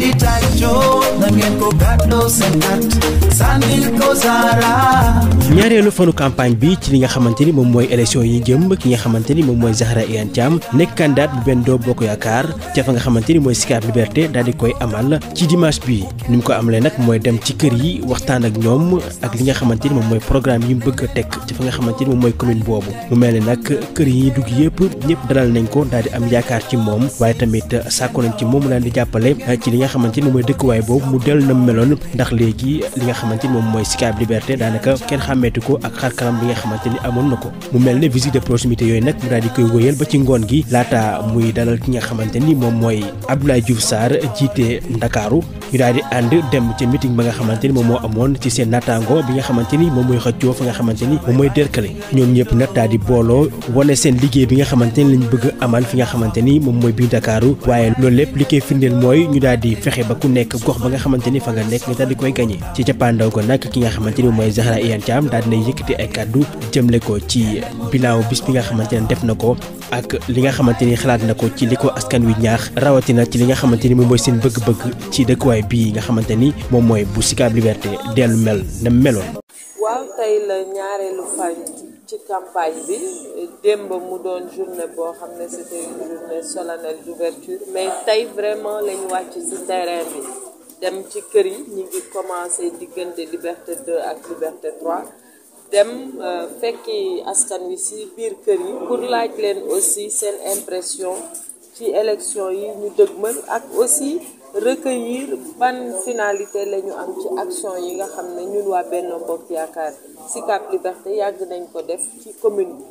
anytime, Joe. na ngeen ko gàddoo seen ñaareelu fanu campagne bi ci li nga xamante ni moom mooy élection yi jëm ki nga xamante ni moom mooy Zahra Iyane Thiam nekk candidat bu Benno Bokk Yaakaar ca fa nga xamante ni mooy Sicap Liberté daal di koy amal ci dimanche bi ni mu ko amalee nag mooy dem ci kër yi waxtaan ak ñoom ak li nga xamante ni moom mooy programme yi mu bëgg a teg ca fa nga xamante ni moom mooy commune boobu mu mel ne nag kër yi dugg yëpp ñëpp dalal nañ ko daal di am yaakaar ci moom waaye tamit sàkku nañ ci moom daal di jàppale ci li nga xamante ni moom mooy boobu mu dellu na meloon ndax léegi li nga xamante ni moom mooy Sicap Liberté daanaka kenn xàmmeetu ko ak xar bi nga xamante amoon na ko mu mel ne visite de yooyu nag mu daal di koy wóyal ba ci ngoon gi laata muy dalal ki nga xamante moom mooy Abdoulaye Diouf Sarr jiite Ndakaaru ñu daal di ànd dem ca meeting ba nga xamante moom mooy xëccoo fa nga xamante moom mooy dërkale ñoom ñëpp nag di booloo wane seen liggéey bi nga xamante ni lañ xamante ni fa nga nekk nga daal di ay kàddu jëmle ko ci bilan bis bi nga xamante ne def na ko ak li nga xamante ni xalaat na ko ci li ko askan wi ñaax rawatina ci li nga xamante ni moom mooy seen bëgg-bëgg ci dëkkuwaay bii nga xamante ni moom mooy bu Sicap Liberté dellu mel na meloon. waaw tey la ñaareelu fan ci campagne bi démb mu doon journée boo xam ne c'était une journée solennelle d'ouverture mais tey vraiment lañu wàcc ci terrain bi. dem ci kër yi ñu ngi commencé diggante liberté 2 ak liberté 3 dem euh, fekki askan wi si biir kër yi pour laaj leen aussi seen impression ci élection yi ñu dëgmal ak aussi recueillir ban finalité la ñu am ci action yi nga xam ne ñun waa benn Bokk Yaakaar Sicap Liberté yàgg nañ ko def ci commune bi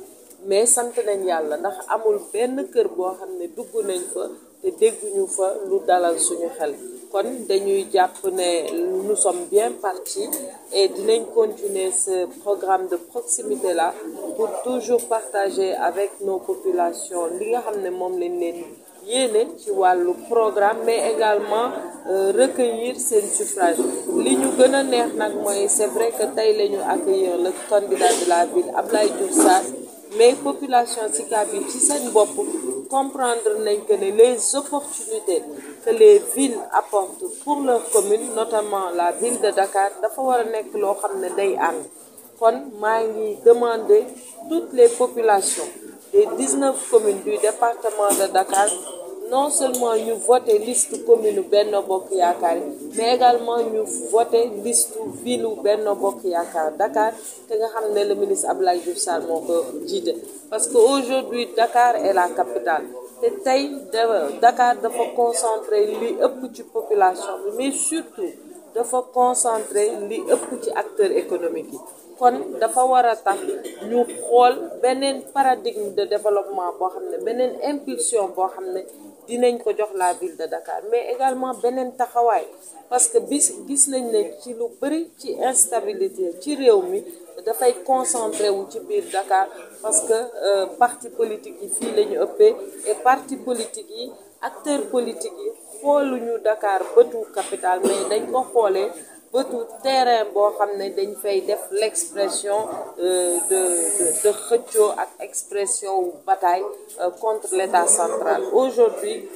mais sant nañ yàlla ndax amul benn kër boo xam ne dugg nañ fa te dégguñu fa lu dalal suñu xel kon dañuy jàpp ne nous sommes bien partis et dinañ continuer ce programme de proximité là pour toujours partager avec no population li nga xam ne moom leen leen yéene ci wàllu programme mais également euh, recueillir seen suffrage li ñu gën a neex nag mooy c'est vrai que tey la ñu accueillir le candidat de la ville Ablaye Diouf Sarr mais population Sicap bi ci seen bopp comprendre nañ que ne les opportunités que les villes apportent pour leur commune notamment la ville de Dakar dafa war a nekk loo xam ne day ànd kon maa ngi demander toutes les populations des 19 communes du département de Dakar non seulement ñu voté liste commune Benno Bokk Yaakaar mais également ñu voté liste ville Benno Bokk Yaakaar Dakar te nga xam ne le ministre Abdoulaye Diouf Sarr moo ko jiite parce que aujourd'hui Dakar est la capitale te tey Dakar dafa concentrer li ëpp ci population bi mais surtout dafa concentrer li ëpp ci acteurs économique bi kon dafa war a tax ñu xool beneen paradigme de développement boo xam ne beneen impulsion boo xam ne dinañ ko jox la ville de Dakar mais également beneen taxawaay parce que bis gis nañ ne ci lu bëri ci instabilité ci réew mi dafay concentré wu ci biir Dakar parce que euh, parti politique yi fii lañu ñu ëppee et parti politique yi acteurs politiques yi xooluñu Dakar bëtu capital mais dañ ko xoolee bëtu terrain boo xam ne dañ fay def l'expression euh, de de xëccoo ak expression ou bataille euh, contre l'État central. Aujourd'hui,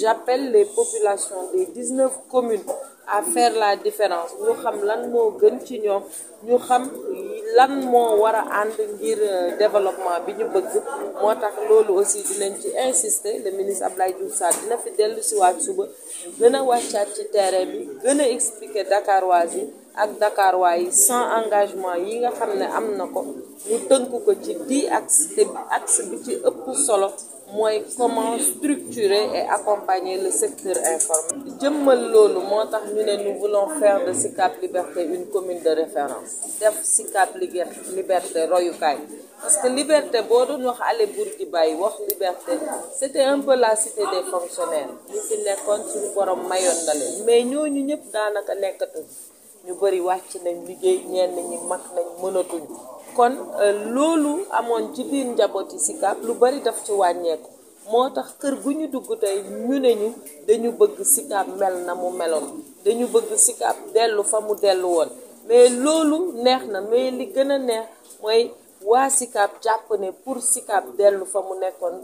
j'appelle les populations des 19 communes à la différence ñu xam lan moo gën ci ñoom ñu xam lan moo war a ànd ngir euh, développement bi ñu bëgg moo tax loolu aussi dinañ ci insister le ministre Abdoulaye Diouf Sarr dina fi dellu si waat suba gën a wàccaat ci terrain bi gën a expliquer Dakarois yi ak Dakarois yi sans engagement yi nga xam ne am na ko ñu tënk ko ci di axe te axe bi ci ëpp solo mooy comment structurer et accompagner le secteur informel jëmmal loolu moo tax ñu ne nous voulons faire de Sicap Liberté une commune de référence def Sicap Liberté royukaay parce que liberté boo doon wax Alébourguiba bàyyi wax liberté c'était un peu la cité des fonctionnaires ñu fi nekkoon suñu borom mayoon na leen mais ñooñu ñëpp daanaka nekkatuñ ñu bëri wàcc nañ liggéey ñeen ñi mag nañ mënatuñ kon euh, loolu amoon ci biir njabooti Sicap lu bari daf ci wàññeeku moo tax kër gu ñu dugg tey ñu ne ñu dañu bëgg Sicap mel na mu meloon dañu bëgg Sicap dellu fa mu dellu woon mais loolu neex na mais li gën a neex mooy waa Sicap jàpp ne pour Sicap dellu fa mu nekkoon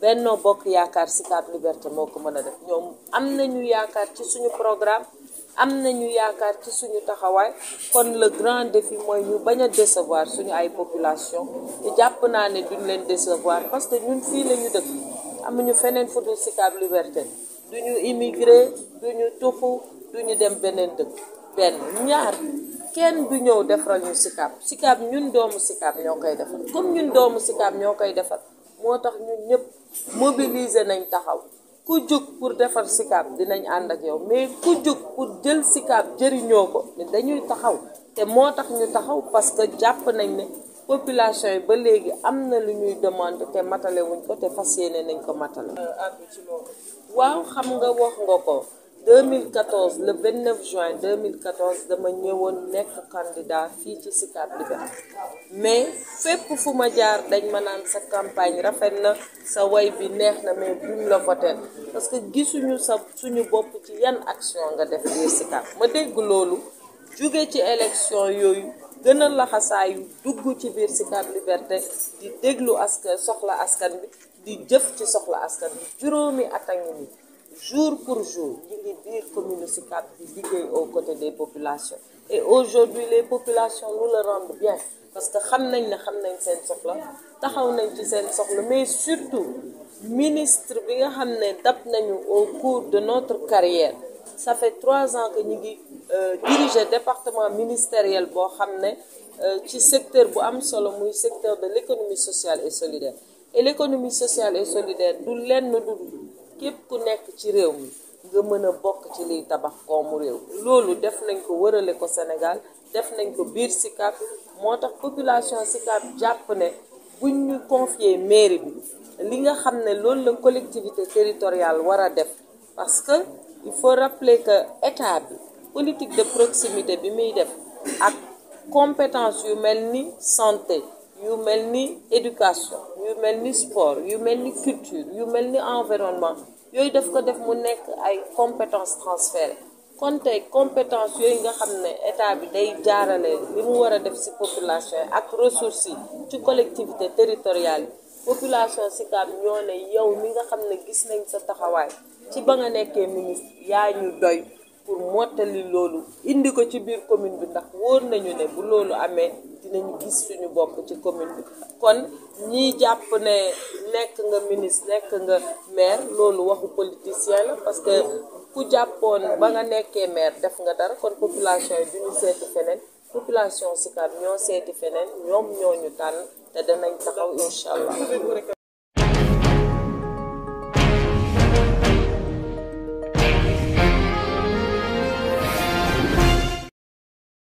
bennoo Bokk Yaakaar Sicap Liberté moo ko mën a def ñoom am nañu yaakaar ci suñu programme am nañu yaakaar ci suñu taxawaay kon la grand défi mooy ñu bañ a décevoir suñu ay population te jàpp naa ne duñ leen décevoir parce que ñun fii la ñu am nañu feneen fu dul Sicap Liberté duñu immigré duñu tuxu duñu dem beneen dëkk benn ñaar kenn du ñëw defaral ñu Sicap Sicap ñun doomu Sicap ñoo koy defar comme ñun doomu Sicap ñoo koy defar moo tax ñun ñëpp mobiliser nañ taxaw ku jóg pour defar Sicap dinañ ànd ak yow mais ku jóg pour jël Sicap jëriñoo ko dañuy taxaw te moo tax ñu taxaw parce que jàpp nañ ne population yi ba léegi am na lu ñuy demande te matale wuñ ko te fas yeneen nañ ko matale. Euh, waaw xam nga wax nga ko. 2014 le 29 juin 2014 dama ñëwoon nekk candidat fii ci Sicap Liberté mais fépp fu ma jaar dañ ma naan sa campagne rafet na sa way bi neex na mais buñ la voter parce que gisuñu sa suñu bopp ci yan action nga def biir Sicap ma dégg loolu jóge ci élection yooyu gën a laxasaayu dugg ci biir Sicap Liberté di déglu askan soxla askan bi di jëf ci soxla askan bi juróomi at a jour pour jour ñu ngi biir commune Sicap di liggéey aux côtés des populations et aujourd'hui les population nous le rendent bien parce que xam nañ ne xam nañ seen soxla taxaw nañ ci seen soxla mais surtout ministre bi nga xam ne dab nañu au cours de notre carrière ça fait trois ans que ñu ngi euh, diriger département ministériel boo xam ne euh, ci secteur bu am solo muy secteur de l'économie sociale et solidaire et l'économie sociale et solidaire du lenn du képp ku nekk ci réew mi nga mën a bokk ci liy tabax koomu réew loolu def nañ ko wërale ko Sénégal def nañ ko biir Sicap moo tax population Sicap jàpp ne buñ ñu confier mairie bi li nga xam ne loolu la collectivité territoriale war a def parce que il faut rappeler que état bi politique de proximité bi muy def ak compétence yu mel ni santé yu mel ni éducation yu mel ni sport yu mel ni culture yu mel ni environnement yooyu daf ko def mu nekk ay compétence transférées kon tey compétence yooyu nga xam ne état bi day jaarale li mu war a def ci population ak ressources yi ci collectivité territoriale yi population Sicap ñoo ne yow mi nga xam ne gis nañ sa taxawaay ci ba nga nekkee ministre yaa ñu doy pour mottali loolu indi ko ci biir commune bi ndax wóor nañu ne bu loolu amee dinañu gis suñu bopp ci commune bi kon ñii jàpp ne nekk nga ministre nekk nga maire loolu waxu politicien la parce que ku jàppoon ba nga nekkee maire def nga dara kon population yi duñu seeti feneen population Sicap ñoo seeti feneen ñoom ñoo ñu tànn te danañ taxaw incha allah.